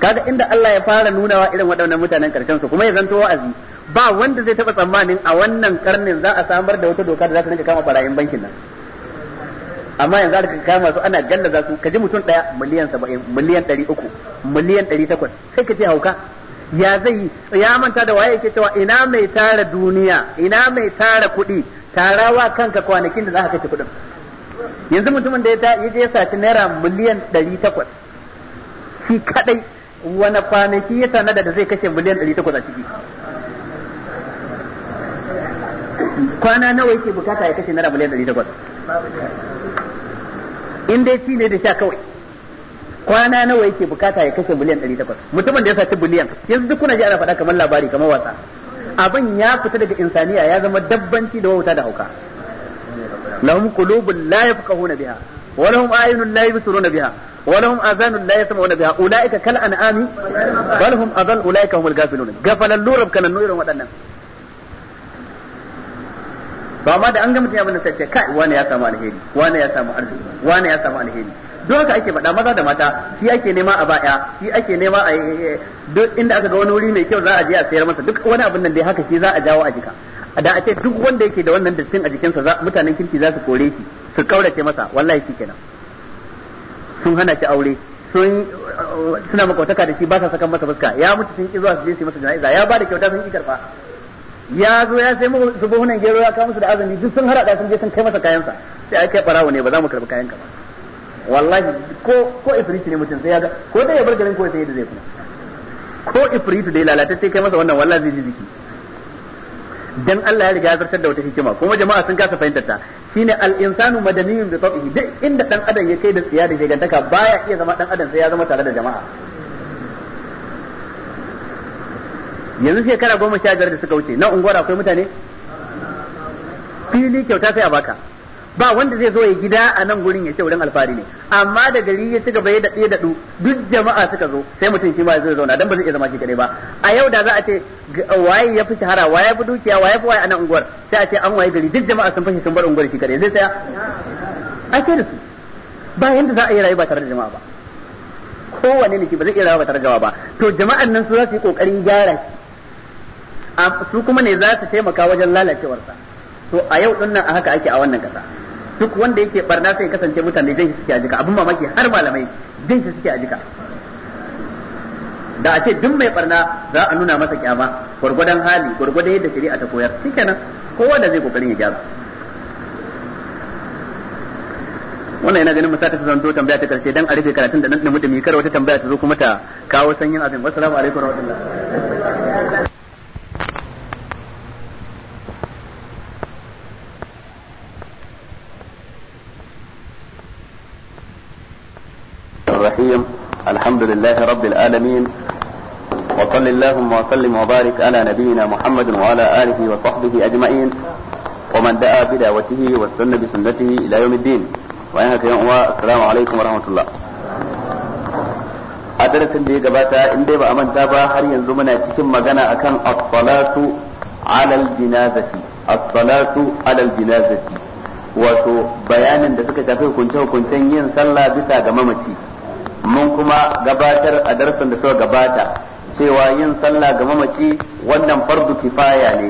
kaga inda Allah ya fara nunawa irin waɗannan mutanen karshen su kuma ya zanto wa'azi ba wanda zai taɓa tsammanin a wannan karnin za a samar da wata doka da za ta rinka kama barayin bankin nan amma yanzu aka kama su ana gallaza su kaji mutum ɗaya miliyan saba'in miliyan 300 miliyan 800 sai ka ce hauka ya zai ya manta da waye yake cewa ina mai tara duniya ina mai tara kuɗi tarawa kanka kwanakin da za ka kashe kuɗin yanzu mutumin da ya je saci naira miliyan ɗari takwas shi kaɗai wani kwanaki ya sanada da zai kashe miliyan ɗari takwas a ciki kwana nawa yake bukata ya kashe naira miliyan ɗari takwas in dai ci ne da sha kawai kwana nawa yake bukata ya kashe miliyan 800 mutumin da ya saci biliyan yanzu duk kuna ji ana faɗa kamar labari kamar wasa abin ya fita daga insaniya ya zama dabbanci da wauta da hauka lahum qulubun la yafqahuna biha wa lahum ayunun la yubsiruna biha wa lahum azanun la yasma'una biha ulaika kal an'ami bal hum adall ulaika humul ghafilun gafalan lurab kana nurin wadannan ba ma da an ga mutum ya bin sace kai wani ya samu alheri wani ya samu arziki wani ya samu alheri duk haka ake faɗa maza da mata shi ake nema a baya shi ake nema a duk inda aka ga wani wuri mai kyau za a je a sayar masa duk wani abin nan dai haka shi za a jawo a jika da a ce duk wanda yake da wannan dattin a jikinsa mutanen kirki za su kore shi su kaurace masa wallahi shi kenan sun hana shi aure sun suna makautaka da shi ba sa sakan masa fuska ya mutu sun ki zuwa su je su masa jana'iza ya ba da kyauta sun ki karfa ya zo ya sai muku zubuhunan gero ya kawo musu da azumi duk sun harada sun je sun kai masa kayansa sai ake barawo ne ba za mu karbi kayan ka ba wallahi ko ko ifrit ne mutum sai ya ga ko dai ya bar garin ko sai da zai kuma ko ifrit dai lalata sai kai masa wannan wallahi zai jiki dan Allah ya riga ya zartar da wata hikima kuma jama'a sun kasa fahimtar ta shine al insanu madaniyun bi tabihi duk inda dan adam ya kai da tsiya da shegantaka baya iya zama dan adam sai ya zama tare da jama'a yanzu shekara goma sha biyar da suka wuce na unguwar akwai mutane fili kyauta sai a baka ba wanda zai zo ya gida a nan gurin ya ce wurin alfari ne amma da gari ya ci gaba ya daɗe daɗu duk jama'a suka zo sai mutum shi ma zai zauna dan ba zai iya zama shi kadai ba a yau da za a ce waye ya fi shahara waye ya fi dukiya waye fi waye a nan unguwar sai a ce an waye gari duk jama'a sun fashe sun bar unguwar shi kadai zai tsaya a ce da su ba yanda za a yi rayu ba tare da jama'a ba kowane ne shi ba zai iya rayuwa ba tare da jama'a ba to jama'an nan su za su yi kokarin gyara shi su kuma ne za su taimaka wajen lalacewarsa to a yau din nan a haka ake a wannan kasa duk wanda yake barna sai kasance mutane jin shi suke ajika abin mamaki har malamai jin shi suke ajika da a ce duk mai barna za a nuna masa kyama gwargwadon hali gwargwadon yadda shari'a ta koyar shikenan kowa da zai kokarin ya gyara wannan yana ganin masa ta zanto tambaya ta karshe dan a rufe karatun da nan da mutumi kar wata tambaya ta zo kuma ta kawo sanyin abin wassalamu alaikum warahmatullahi الرحيم الحمد لله رب العالمين وصل اللهم وسلم وبارك على نبينا محمد وعلى آله وصحبه أجمعين ومن دعا بدعوته واستنى بسنته إلى يوم الدين وإنك يوم السلام عليكم ورحمة الله a darasin da ya gabata in dai ba a manta ba har yanzu muna cikin magana akan as alal jinazati wato bayanin da suka shafi hukunce hukuncen yin sallah bisa ga mamaci mun kuma gabatar a darsan da suka gabata cewa yin sallah ga mamaci wannan fardu kifaya ne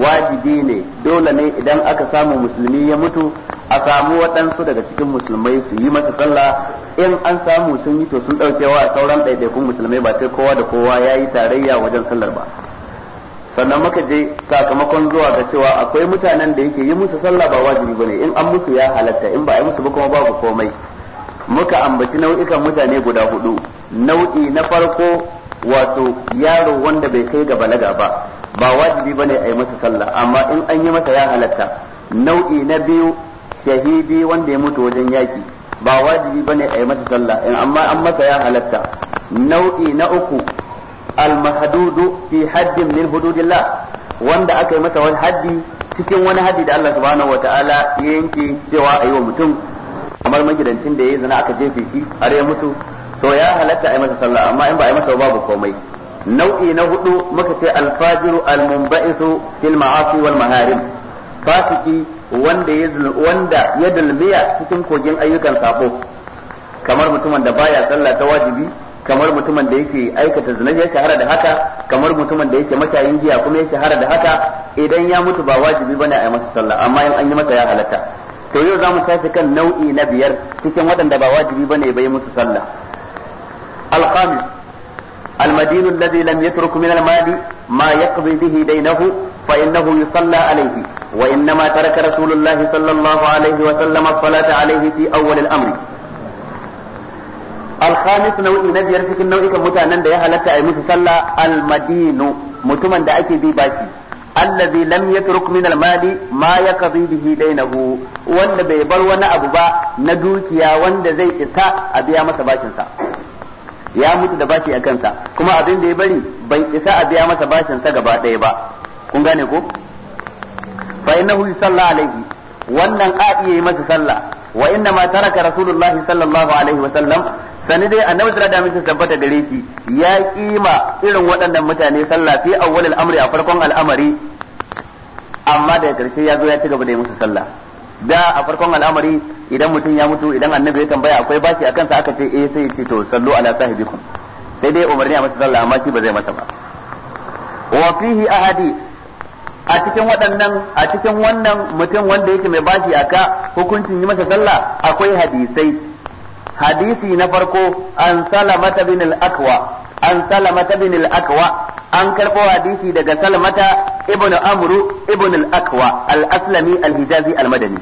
wajibi ne dole ne idan aka samu musulmi ya mutu a samu waɗansu daga cikin musulmai su yi masa sallah in an samu sun yi to sun ɗaukewa a sauran ɗaiɗaikun musulmai ba sai kowa da kowa ya yi tarayya wajen sallar ba sannan muka je sakamakon zuwa ga cewa akwai mutanen da yake yi musu sallah ba wajibi bane in an musu ya halatta in ba a yi musu ba kuma babu komai muka ambaci nau'ikan mutane guda hudu nau'i na farko wato yaro wanda bai kai ga balaga ba ba wajibi bane a yi masa sallah amma in an yi masa ya halatta nau'i na biyu shahidi wanda ya mutu wajen yaki ba wajibi bane a yi masa sallah in amma an masa ya halatta nau'i na uku almahdudu fi haddin min hududillah wanda aka yi masa wani haddi cikin wani haddi da Allah subhanahu wataala ya yanke cewa a yi wa mutum kamar magidancin da yayi zina aka jefe shi har ya mutu to ya halatta ai masa sallah amma in ba ai masa babu komai nau'i na hudu muka ce alfajiru almunba'isu fil ma'asi wal maharim fasiki wanda ya wanda ya dalmiya cikin kogin ayyukan sabo kamar mutumin da baya sallah ta wajibi kamar mutumin da yake aikata zina ya shahara da haka kamar mutumin da yake mashayin giya kuma ya shahara da haka idan ya mutu ba wajibi bane a yi masa sallah amma in an yi masa ya halatta to yau za mu tashi kan nau'i na biyar cikin waɗanda ba wajibi ba ne bai musu sallah alhamis almadinu lam yatruk min almali ma yaqdi bihi daynahu fa innahu yusalla alayhi wa fi awwal al alhamis nau'i na biyar cikin nau'ikan mutanen da ya halatta a yi musu sallah almadinu mutumin da ake bi baki allazi lam yatruk min almali ma yaqdi bihi dainahu wanda bai bar wani abu ba na dukiya wanda zai isa a biya masa bashin sa ya mutu da bashi a kansa kuma abin da ya bari bai isa a biya masa bashin sa gaba ɗaya ba kun gane ko fa innahu yusalla alaihi wannan a iya masa sallah wa inna ma taraka rasulullahi sallallahu alaihi wa sallam sani dai annabi sallallahu alaihi wasallam tabbata gare shi ya kima irin waɗannan mutane sallah fi awwalil amri a farkon al'amari amma daga karshe ya zo ya ci gaba da yi musu sallah da a farkon al'amari idan mutum ya mutu idan annabi ya tambaya akwai bashi a kansa aka ce eh sai ya ce to sallu ala sahibikum sai dai umarni a masa sallah amma shi ba zai masa ba wa fihi ahadi a cikin waɗannan a cikin wannan mutum wanda yake mai bashi aka hukuncin yi masa sallah akwai hadisai hadisi na farko an salamata bin al-akwa an salamata bin akwa an karbo hadisi daga salmata ibn amru ibn akwa al-aslami al-hijazi al-madani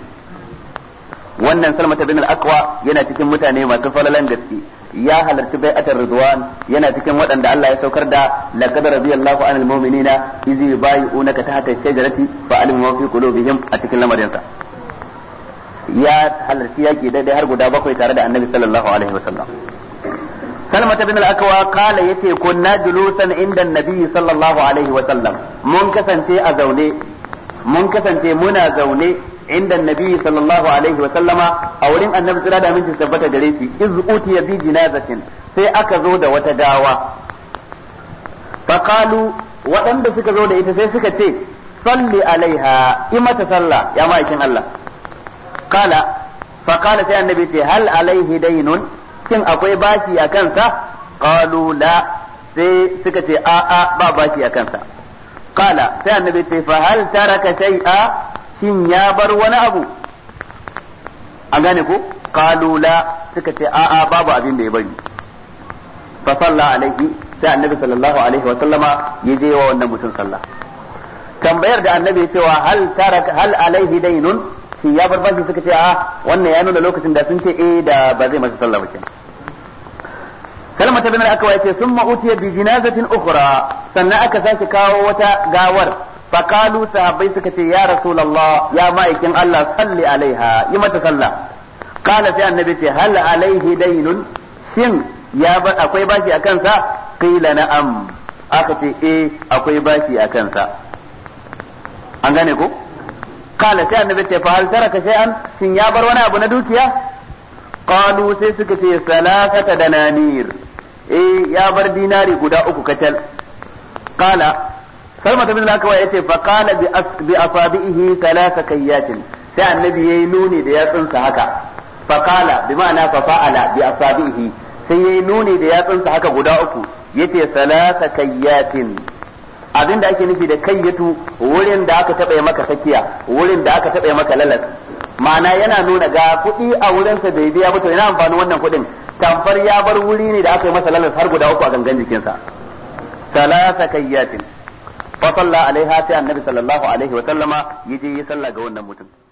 wannan salmata bin akwa yana cikin mutane masu falalan gaske ya halarci bai'atar rizwan yana cikin waɗanda Allah ya saukar da laqad radiyallahu anil mu'minina iz yubayyi'unaka tahta ash-shajarati fa alima ma fi qulubihim a cikin lamarinsa ya halarci yaki daidai har guda bakwai tare da annabi sallallahu alaihi wasallam salma ta bin al'akawa kala ya ce kunna julusan inda nabi sallallahu alaihi wasallam mun kasance a zaune mun kasance muna zaune inda nabi sallallahu alaihi wasallam a wurin annabi sura da aminci tabbata gare shi iz utiya bi jinazatin sai aka zo da wata gawa fa waɗanda suka zo da ita sai suka ce salli alaiha mata sallah ya ma'aikin Allah fa fakala sai annabi ce hal alaihi dainun shin akwai bashi a kansa qalu la sai suka ce a a ba bashi a kansa qala sai annabi ce fa hal taraka shay'a shin ya bar wani abu an gane ko qalu la suka ce a a babu abin da ya bari fa salla alaihi sai annabi sallallahu alaihi wa sallama ya je wa wannan mutum sallah tambayar da annabi ya cewa hal taraka hal alaihi dainun shi ya bar bashi suka ce a wannan ya nuna lokacin da sun ce eh da ba zai masa sallah ba kenan kalma ta binar aka wace sun ma'utiya bi jinazatin ukhra sannan aka sake kawo wata gawar fakalu sahabbai suka ce ya rasulullah ya ma'aikin Allah salli alaiha yi mata sallah kala sai annabi ce hal alaihi dainun shin ya akwai bashi a kansa qila na'am aka ce eh akwai bashi a kansa an gane ko kala sai annabi ce fa hal taraka shay'an shin ya bar wani abu na dukiya qalu sai suka ce salasata dananir eh ya bar dinari guda uku kacal kala salma bin lakawa yace fa qala bi bi asabihi thalatha kayyatin sai annabi yayi nuni da yatsunsa haka fa qala bi ma'ana fa fa'ala bi asabihi sai yayi nuni da yatsunsa haka guda uku yace salasa kayyatin abin da ake nufi da kayyatu wurin da aka taɓa maka sakiya wurin da aka taɓa maka lalas ma'ana yana nuna ga kuɗi a wurinsa bai biya ba yana amfani wannan kuɗin tamfar ya bar wuri ne da aka yi masa lalas har guda uku a gangan jikinsa salasa kayyatin fa annabi sallallahu alaihi wa sallama yaje ya salla ga wannan mutum